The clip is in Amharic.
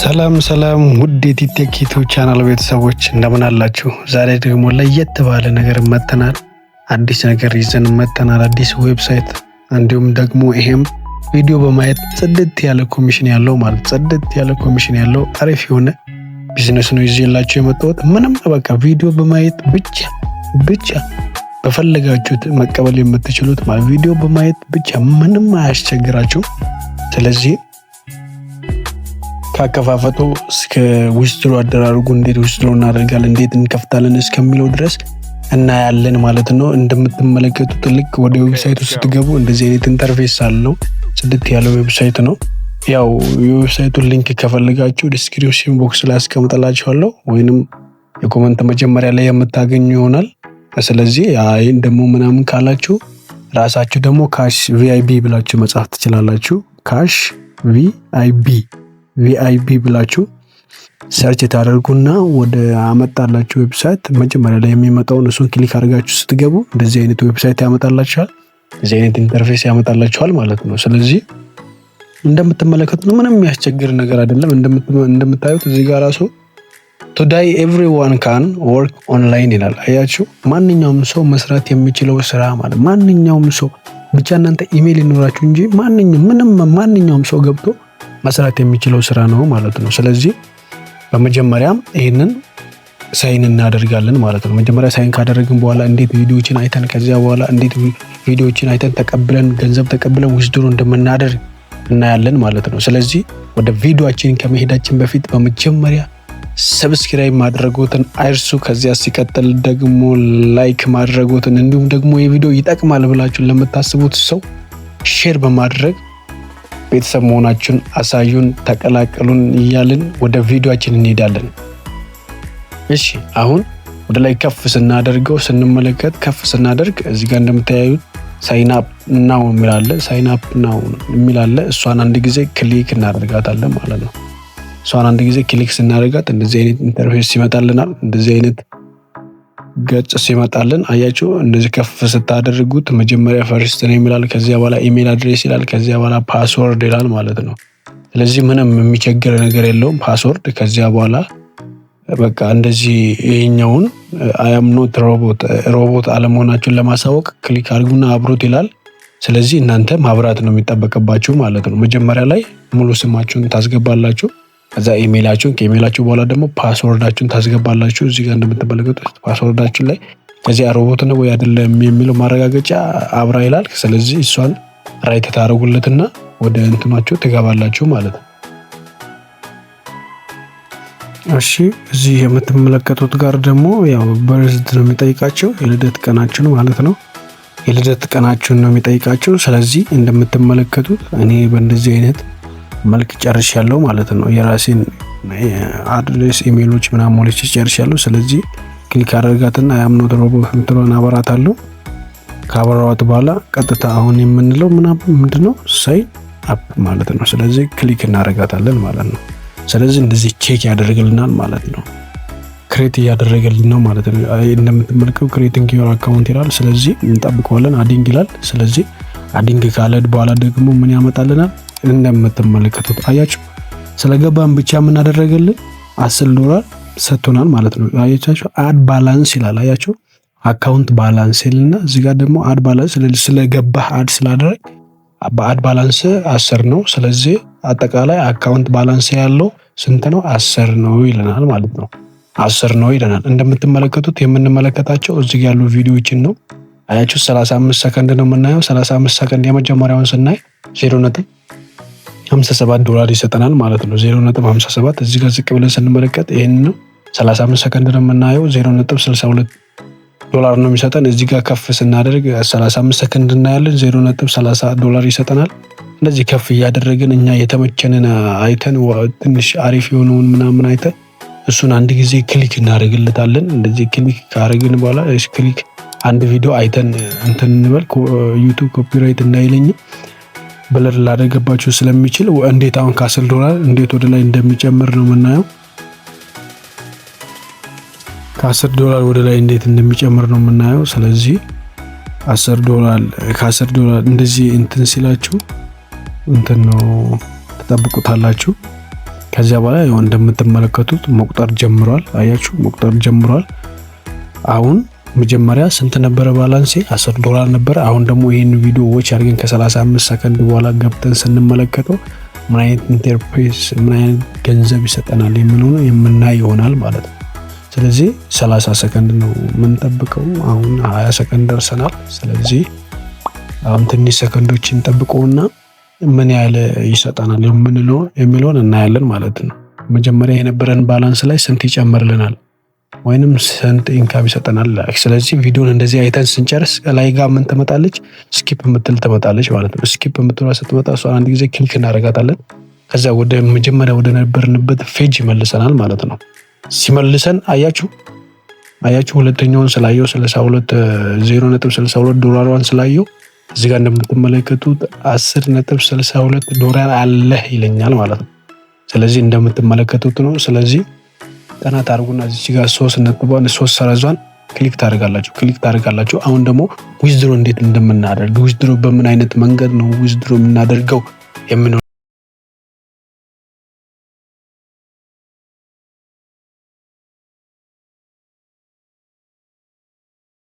ሰላም ሰላም ውድ የቲቴክ ቻናል ቤተሰቦች እንደምን አላችሁ? ዛሬ ደግሞ ለየት ባለ ነገር መተናል። አዲስ ነገር ይዘን መተናል። አዲስ ዌብሳይት እንዲሁም ደግሞ ይሄም ቪዲዮ በማየት ጽድት ያለ ኮሚሽን ያለው ማለት ጽድት ያለ ኮሚሽን ያለው አሪፍ የሆነ ቢዝነስ ነው ይዤላችሁ የመጣሁት። ምንም በቃ ቪዲዮ በማየት ብቻ ብቻ በፈለጋችሁት መቀበል የምትችሉት ማለት ቪዲዮ በማየት ብቻ ምንም አያስቸግራችሁ። ስለዚህ ከአከፋፈቱ እስከ ዊዝድሮ አደራርጉ እንዴት ዊዝድሮ እናደርጋለን እንዴት እንከፍታለን እስከሚለው ድረስ እናያለን ማለት ነው። እንደምትመለከቱት ልክ ወደ ዌብሳይቱ ስትገቡ እንደዚህ አይነት ኢንተርፌስ አለው። ጽድት ያለ ዌብሳይት ነው። ያው የዌብሳይቱን ሊንክ ከፈለጋችሁ ዲስክሪፕሽን ቦክስ ላይ አስቀምጠላችኋለሁ ወይንም የኮመንት መጀመሪያ ላይ የምታገኙ ይሆናል። ስለዚህ ይህን ደግሞ ምናምን ካላችሁ ራሳችሁ ደግሞ ካሽ ቪአይቢ ብላችሁ መጻፍ ትችላላችሁ። ካሽ ቪአይቢ ቪአይፒ ብላችሁ ሰርች ታደርጉና ወደ አመጣላችሁ ዌብሳይት መጀመሪያ ላይ የሚመጣውን እሱን ክሊክ አድርጋችሁ ስትገቡ እንደዚህ አይነት ዌብሳይት ያመጣላችኋል። እዚህ አይነት ኢንተርፌስ ያመጣላችኋል ማለት ነው። ስለዚህ እንደምትመለከቱት ምንም የሚያስቸግር ነገር አይደለም። እንደምታዩት እዚህ ጋር ራሱ ቱዳይ ኤቭሪዋን ካን ወርክ ኦንላይን ይላል። አያችሁ፣ ማንኛውም ሰው መስራት የሚችለው ስራ ማለት ማንኛውም ሰው ብቻ እናንተ ኢሜይል ይኖራችሁ እንጂ ማንኛውም ሰው ገብቶ መስራት የሚችለው ስራ ነው ማለት ነው። ስለዚህ በመጀመሪያም ይህንን ሳይን እናደርጋለን ማለት ነው። መጀመሪያ ሳይን ካደረግን በኋላ እንዴት ቪዲዮዎችን አይተን ከዚያ በኋላ እንዴት ቪዲዮዎችን አይተን ተቀብለን ገንዘብ ተቀብለን ውስድሮ እንደምናደርግ እናያለን ማለት ነው። ስለዚህ ወደ ቪዲዮችን ከመሄዳችን በፊት በመጀመሪያ ሰብስክራይብ ማድረጎትን አይርሱ። ከዚያ ሲቀጥል ደግሞ ላይክ ማድረጎትን እንዲሁም ደግሞ የቪዲዮ ይጠቅማል ብላችሁ ለምታስቡት ሰው ሼር በማድረግ ቤተሰብ መሆናችሁን አሳዩን፣ ተቀላቀሉን እያልን ወደ ቪዲዮችን እንሄዳለን። እሺ አሁን ወደ ላይ ከፍ ስናደርገው ስንመለከት ከፍ ስናደርግ እዚህ ጋር እንደምታያዩት ሳይናፕ ናው የሚላለ ሳይናፕ ናው የሚላለ እሷን አንድ ጊዜ ክሊክ እናደርጋታለን ማለት ነው። እሷን አንድ ጊዜ ክሊክ ስናደርጋት እንደዚህ አይነት ኢንተርፌስ ይመጣልናል። እንደዚህ አይነት ገጽ ሲመጣልን አያችሁ፣ እንደዚህ ከፍ ስታደርጉት መጀመሪያ ፈርስት ነው ይላል። ከዚያ በኋላ ኢሜል አድሬስ ይላል። ከዚያ በኋላ ፓስወርድ ይላል ማለት ነው። ስለዚህ ምንም የሚቸግር ነገር የለውም። ፓስወርድ ከዚያ በኋላ በቃ እንደዚህ ይህኛውን አያምኖት ሮቦት ሮቦት አለመሆናችሁን ለማሳወቅ ክሊክ አድርጉና አብሮት ይላል። ስለዚህ እናንተ ማብራት ነው የሚጠበቅባችሁ ማለት ነው። መጀመሪያ ላይ ሙሉ ስማችሁን ታስገባላችሁ። ከዛ ኢሜይላችሁን ከኢሜይላችሁ በኋላ ደግሞ ፓስወርዳችሁን ታስገባላችሁ። እዚህ ጋር እንደምትመለከቱት ፓስወርዳችን ላይ ከዚያ ሮቦት ነው ወይ አይደለም የሚለው ማረጋገጫ አብራ ይላል። ስለዚህ እሷን ራይት ታደረጉለትና ወደ እንትናችሁ ትገባላችሁ ማለት ነው። እሺ እዚህ የምትመለከቱት ጋር ደግሞ ያው በርዝድ ነው የሚጠይቃቸው የልደት ቀናችን ማለት ነው። የልደት ቀናችሁን ነው የሚጠይቃቸው። ስለዚህ እንደምትመለከቱት እኔ በእንደዚህ አይነት መልክ ጨርሽ ያለው ማለት ነው። የራሴን አድሬስ ኢሜሎች ምናምን ሞልቼ ጨርሽ ያለው። ስለዚህ ክሊክ አደርጋትና የአምኖት ሮቦ የምትለዋን አበራት አለው። ከአበራዋት በኋላ ቀጥታ አሁን የምንለው ምናምን ምንድነው ሳይን አፕ ማለት ነው። ስለዚህ ክሊክ እናደርጋታለን ማለት ነው። ስለዚህ እንደዚህ ቼክ ያደርግልናል ማለት ነው። ክሬት እያደረገልን ነው ማለት ነው። እንደምትመልከው ክሬቲንግ ዮር አካውንት ይላል። ስለዚህ እንጠብቀዋለን። አዲንግ ይላል። ስለዚህ አዲንግ ካለድ በኋላ ደግሞ ምን ያመጣልናል? እንደምትመለከቱት አያችሁ። ስለገባን ብቻ የምናደረገልን አስር ዶላር ሰጥቶናል ማለት ነው። አያቻቸው አድ ባላንስ ይላል አያቸው። አካውንት ባላንስ ይልና እዚህ ጋር ደግሞ አድ ባላንስ ስለገባህ አድ ስላደረግ በአድ ባላንስ አስር ነው። ስለዚህ አጠቃላይ አካውንት ባላንስ ያለው ስንት ነው? አስር ነው ይለናል ማለት ነው። አስር ነው ይለናል። እንደምትመለከቱት የምንመለከታቸው እዚህ ያሉ ቪዲዮዎችን ነው አያችሁ። 35 ሰከንድ ነው የምናየው። 35 ሰከንድ የመጀመሪያውን ስናይ ዜሮ ነጥብ 57 ዶላር ይሰጠናል ማለት ነው። 0.57 እዚህ ጋር ዝቅ ብለን ስንመለከት ይህን ነው 35 ሰከንድ ነው የምናየው 0.62 ዶላር ነው የሚሰጠን። እዚህ ጋር ከፍ ስናደርግ 35 ሰከንድ እናያለን 0.30 ዶላር ይሰጠናል። እንደዚህ ከፍ እያደረግን እኛ የተመቸንን አይተን ትንሽ አሪፍ የሆነውን ምናምን አይተን እሱን አንድ ጊዜ ክሊክ እናደርግለታለን። እንደዚህ ክሊክ ካደረግን በኋላ ክሊክ አንድ ቪዲዮ አይተን እንትን እንበል ዩቱብ ኮፒራይት እንዳይለኝ ብልር ላደገባቸው ስለሚችል እንዴት አሁን ከአስር ዶላር እንዴት ወደ ላይ እንደሚጨምር ነው የምናየው። ከአስር ዶላር ወደ ላይ እንዴት እንደሚጨምር ነው የምናየው። ስለዚህ አስር ዶላር ከአስር ዶላር እንደዚህ እንትን ሲላችሁ እንትን ነው ተጠብቁታላችሁ። ከዚያ በኋላ ያው እንደምትመለከቱት መቁጠር ጀምሯል። አያችሁ መቁጠር ጀምሯል አሁን መጀመሪያ ስንት ነበረ ባላንሴ? 10 ዶላር ነበረ። አሁን ደግሞ ይህን ቪዲዮ ዎች አድርገን ከ35 ሰከንድ በኋላ ገብተን ስንመለከተው ምን አይነት ኢንተርፕሬስ ምን አይነት ገንዘብ ይሰጠናል የምንሆነ የምናይ ይሆናል ማለት ነው። ስለዚህ 30 ሰከንድ ነው የምንጠብቀው። አሁን 20 ሰከንድ ደርሰናል። ስለዚህ አሁን ትንሽ ሰከንዶች እንጠብቀውና ምን ያህል ይሰጠናል የምንለው የሚለውን እናያለን ማለት ነው። መጀመሪያ የነበረን ባላንስ ላይ ስንት ይጨምርልናል ወይንም ሰንት ኢንካም ይሰጠናል። ስለዚህ ቪዲዮን እንደዚህ አይተን ስንጨርስ ላይ ጋር ምን ትመጣለች? ስኪፕ የምትል ትመጣለች ማለት ነው። ስኪፕ የምትሏ ስትመጣ እሷን አንድ ጊዜ ክሊክ እናደርጋታለን። ከዚያ ወደ መጀመሪያ ወደ ነበርንበት ፌጅ ይመልሰናል ማለት ነው። ሲመልሰን አያችሁ አያችሁ ሁለተኛውን ስላየው 62 0.62 ዶላሯን ስላየው እዚህ ጋር እንደምትመለከቱት 62 ዶላር አለህ ይለኛል ማለት ነው። ስለዚህ እንደምትመለከቱት ነው። ስለዚህ ቀናት ታደርጉና እዚች ጋር ሶስት ነጥቧን ሶስት ሰረዟን ክሊክ ታደርጋላችሁ ክሊክ ታደርጋላችሁ። አሁን ደግሞ ዊዝድሮ እንዴት እንደምናደርግ ዊዝድሮ በምን አይነት መንገድ ነው ዊዝድሮ የምናደርገው የምን